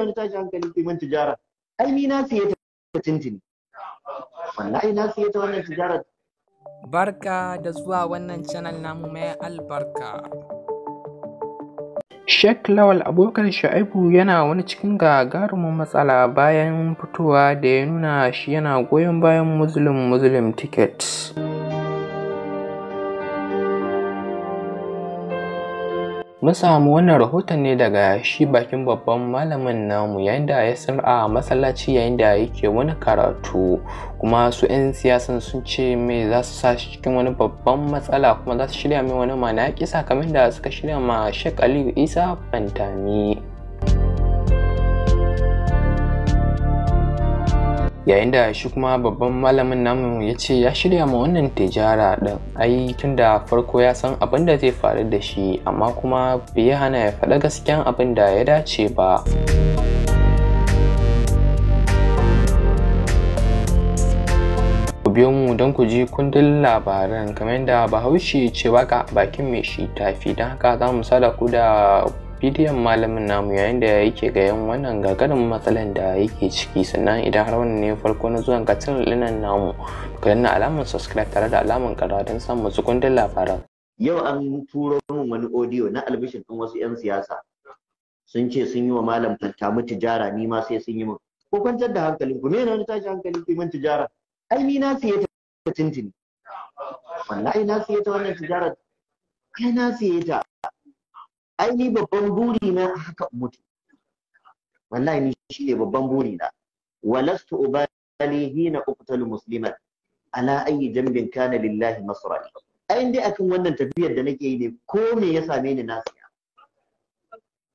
wani tashi hankali kiman tijara ai ni na siye ta tintini wallahi na siye ta wannan tijara barka da zuwa wannan channel namu mai albarka Sheikh Lawal abokan Shaibu yana wani cikin gagarumin matsala bayan fitowa da ya nuna shi yana goyon bayan Muslim Muslim tickets. Mun samu wannan rahoton ne daga shi bakin babban malamin namu yayin da ya a masallaci yayin da yake wani karatu kuma su 'yan siyasan sun ce me za su sa shi cikin wani babban matsala kuma za su shirya mai wani manaki sakamakon da suka shirya ma Sheikh Aliyu Isa Fantami. yayin da shi kuma babban malamin namu ya ce ya shirya ma wannan tijara ɗin ai tun da farko ya san abin da zai faru da shi amma kuma bai hana ya faɗa gaskiyan abin da ya dace ba. biyo mu don ku ji kundin labaran kamar yadda bahaushe ce waka bakin mai shi tafi don haka za mu sada ku da bidiyon malamin namu yayin da yake gayan wannan gagarin matsalan da yake ciki sannan idan har wannan ne farko na zuwan ga channel ɗinnan namu ka danna alamar subscribe tare da alamar ƙara don samun sukundin labaran yau an turo min wani audio na albishin ɗin wasu 'yan siyasa sun ce sun yi wa malam fattamu tijara ni ma sai sun yi min ko kwantar da hankalin ku mena wani tashi hankalin ku min tijara ai ni na siye ta tintini wallahi na siye ta wannan tijara ai na siye ta ai ni babban buri na haka mutu wallahi ni ne babban buri na walastu ubali hina uqtalu musliman ala ayi jambin kana lillahi masrani ai dai akan wannan tafiyar da nake yi ne ko me ya same ni na tsaya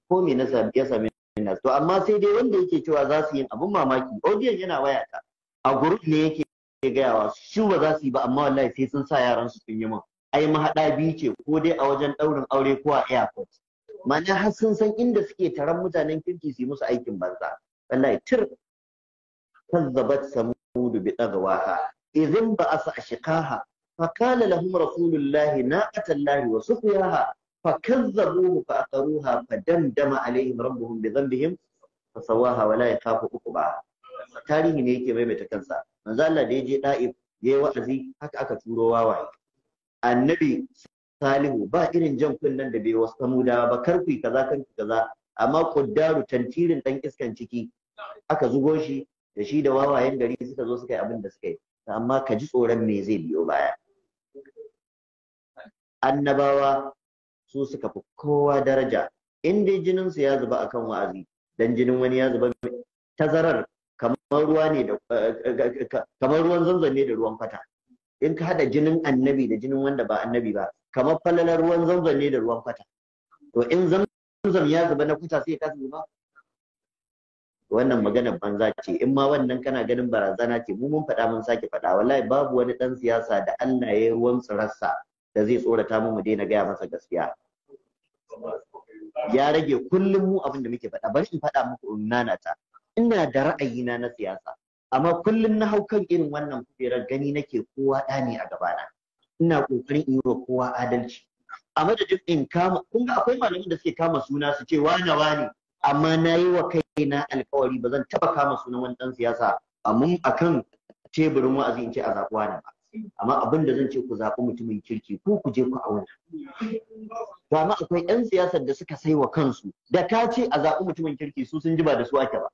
ko me ya same ni na to amma sai dai wanda yake cewa za su yi abun mamaki audiyon yana waya ta a group ne yake gayawa shi ba za su yi ba amma wallahi sai sun sa yaran su sun yi min ai mahaɗa biyu ce ko dai a wajen ɗaurin aure ko a airport ma'ana har sun san inda suke taron mutanen kirki su yi musu aikin banza wallahi tir kazzabat samudu bi dagawaha idhin ba'asa ashqaha فقال لهم رسول fa ناقة الله وسقياها فكذبوه فأقروها فدمدم عليهم bi بذنبهم fasawaha wala ya kafa uku ba tarihi ne yake maimaita kansa manzo Allah da ya je yayi wa'azi haka aka turo wawaye annabi salihu ba irin jan kunnen da bai wasu da ba karku kaza karku kaza amma kuddaru tantirin dan iskan ciki aka zugo shi da shi da wawayen gari suka zo suka yi abin da suka yi amma ka ji tsoron me zai biyo baya annabawa su suka fi kowa daraja in dai jinin su ya zuba akan wa'azi dan jinin wani ya zuba tazarar kamar ruwa ne da eh, eh, eh, kamar ruwan zanzan da ruwan fata in ka hada jinin annabi da jinin wanda ba annabi ba kamar falalar ruwan zamzam ne da ruwan kwata to in zamzam ya zuba na kwata sai ya kasa zuba wannan maganar banza ce in ma wannan kana ganin barazana ce mu mun faɗa mun sake faɗa wallahi babu wani ɗan siyasa da Allah ya ruwan tsirarsa da zai tsorata mu mu daina gaya masa gaskiya ya rage kullum mu abin da muke faɗa bari in faɗa muku nana ta ina da ra'ayina na siyasa amma kullum na hau kan irin wannan kujerar gani nake kowa ɗani a gabana ina kokarin in yi wa kowa adalci a madadin in kama kun ga akwai malamin da suke kama suna su ce wane wane amma na yi wa kaina alkawari ba zan taba kama sunan wani dan siyasa amma akan teburin wa'azi in ce a zaɓi wane ba amma abin da zan ce ku zaɓi mutumin kirki ku ku je ku auna ba ma akwai 'yan siyasar da suka sai wa kansu da ka ce a zaɓi mutumin kirki su sun ji ba da su ake ba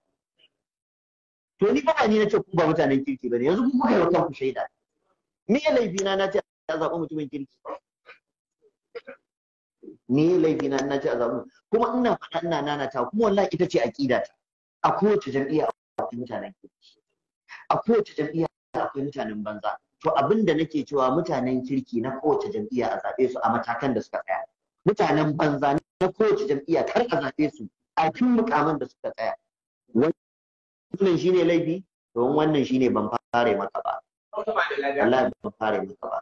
to ni ba ni na ce ku ba mutanen kirki ba ne yanzu ku kuka yi wa kanku shaida me laifi na na ce a zaɓi mutumin kirki ni laifi na ina ce a zaɓi kuma ina faɗa ina nanata kuma wallahi ita ce aƙida ta a kowace jam'iyya akwai mutanen kirki a kowace jam'iyya akwai mutanen banza to abin da nake cewa mutanen kirki na kowace jam'iyya a zaɓe su a matakan da suka tsaya mutanen banza na kowace jam'iyya kar a zaɓe su a cikin mukaman da suka tsaya wannan shine laifi don wannan shine ban fare maka ba ya ban fare maka ba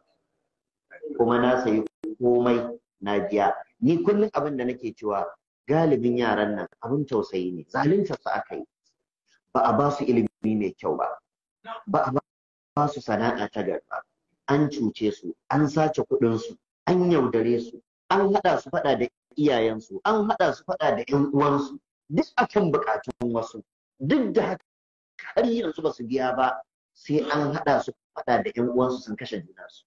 kuma na sayi komai na biya ni kullum abin da nake cewa galibin yaran nan abin tausayi ne zalunta su aka yi ba a ba su ilimi mai kyau ba ba a ba su sana'a ta garba an cuce su an sace kuɗin su an yaudare su an haɗa su faɗa da iyayensu an haɗa su faɗa da 'yan uwansu duk akan buƙatun wasu duk da haka har yanzu ba su biya ba sai an haɗa su faɗa da 'yan uwansu sun kashe junansu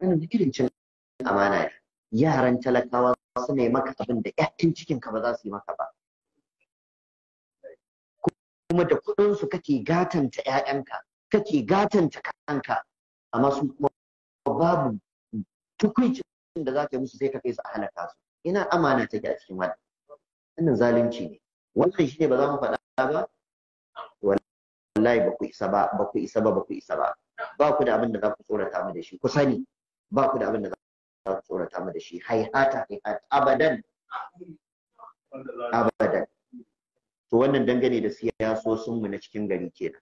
wani irin cin amana ne yaran talakawa su ne maka abin da ƴaƴan cikin ka ba za su yi maka ba kuma da kuɗinsu su kake gatanta ƴaƴanka kake gatanta kanka amma su kuma babu tukuicin da za ka yi musu sai ka kai su a halaka su ina amana take a cikin wannan wannan zalunci ne wannan shine ba za mu faɗa ba wallahi ba ku isa ba ba ku isa ba ba ku isa ba ba ku da abin da za ku tsorata mu da shi ku sani ba ku da abin da za ku tsorata mu da shi haihata haihata abadan abadan to wannan dangane da siyasosin mu na cikin gari kenan